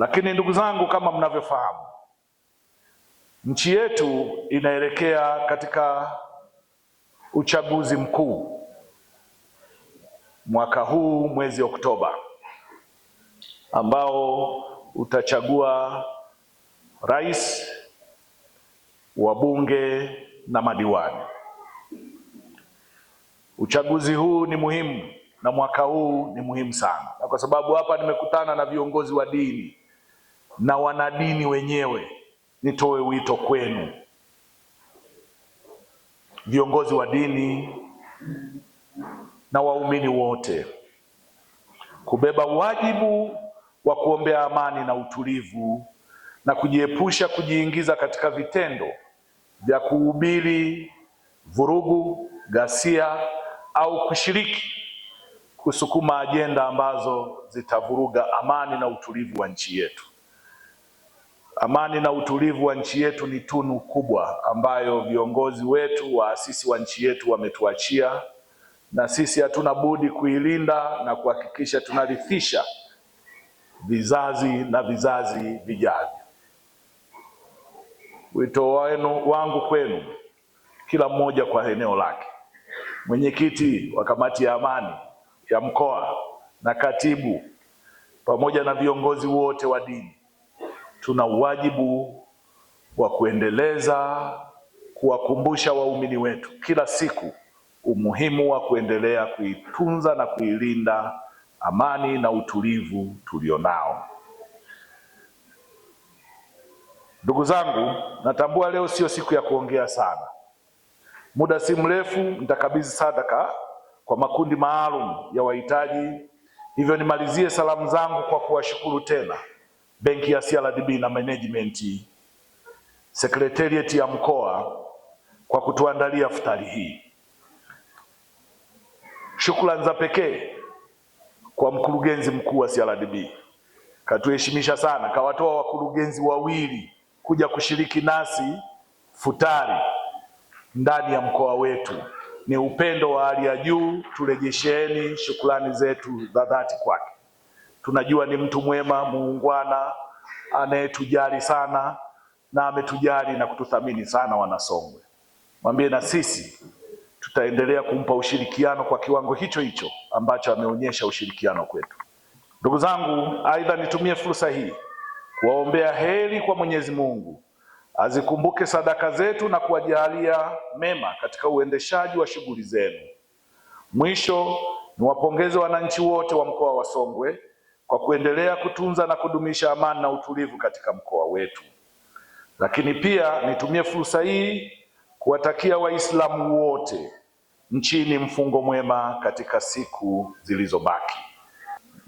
Lakini ndugu zangu, kama mnavyofahamu, nchi yetu inaelekea katika uchaguzi mkuu mwaka huu mwezi Oktoba, ambao utachagua rais, wabunge na madiwani. Uchaguzi huu ni muhimu na mwaka huu ni muhimu sana, na kwa sababu hapa nimekutana na viongozi wa dini na wanadini wenyewe, nitoe wito kwenu viongozi wa dini na waumini wote kubeba wajibu wa kuombea amani na utulivu na kujiepusha kujiingiza katika vitendo vya kuhubiri vurugu, ghasia au kushiriki kusukuma ajenda ambazo zitavuruga amani na utulivu wa nchi yetu. Amani na utulivu wa nchi yetu ni tunu kubwa ambayo viongozi wetu, waasisi wa nchi yetu wametuachia, na sisi hatuna budi kuilinda na kuhakikisha tunarithisha vizazi na vizazi vijavyo. Wito wenu wangu kwenu, kila mmoja kwa eneo lake, mwenyekiti wa kamati ya amani ya mkoa na katibu pamoja na viongozi wote wa dini tuna uwajibu wa kuendeleza kuwakumbusha waumini wetu kila siku umuhimu wa kuendelea kuitunza na kuilinda amani na utulivu tulionao. Ndugu zangu, natambua leo sio siku ya kuongea sana. Muda si mrefu nitakabidhi sadaka kwa makundi maalum ya wahitaji, hivyo nimalizie salamu zangu kwa kuwashukuru tena benki ya CRDB na management, sekretarieti ya mkoa kwa kutuandalia futari hii. Shukrani za pekee kwa mkurugenzi mkuu wa CRDB, katuheshimisha sana, kawatoa wakurugenzi wawili kuja kushiriki nasi futari ndani ya mkoa wetu. Ni upendo wa hali ya juu, turejesheni shukrani zetu za dhati kwake tunajua ni mtu mwema, muungwana, anayetujali sana na ametujali na kututhamini sana Wanasongwe. Mwambie na sisi tutaendelea kumpa ushirikiano kwa kiwango hicho hicho ambacho ameonyesha ushirikiano kwetu. Ndugu zangu, aidha nitumie fursa hii kuwaombea heri kwa Mwenyezi Mungu azikumbuke sadaka zetu na kuwajalia mema katika uendeshaji wa shughuli zenu. Mwisho niwapongeze wananchi wote wa mkoa wa Songwe kwa kuendelea kutunza na kudumisha amani na utulivu katika mkoa wetu. Lakini pia nitumie fursa hii kuwatakia Waislamu wote nchini mfungo mwema katika siku zilizobaki.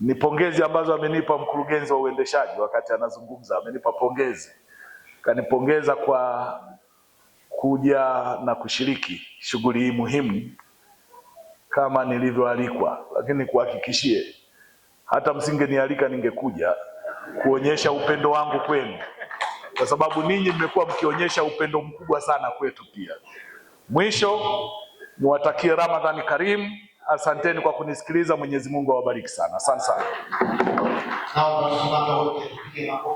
Ni pongezi ambazo amenipa mkurugenzi wa uendeshaji wakati anazungumza, amenipa pongezi, kanipongeza kwa kuja na kushiriki shughuli hii muhimu kama nilivyoalikwa, lakini kuhakikishie hata msingenialika ningekuja kuonyesha upendo wangu kwenu, kwa sababu ninyi mmekuwa mkionyesha upendo mkubwa sana kwetu. Pia mwisho niwatakie Ramadhani karimu. Asanteni kwa kunisikiliza. Mwenyezi Mungu awabariki sana. Asante sana.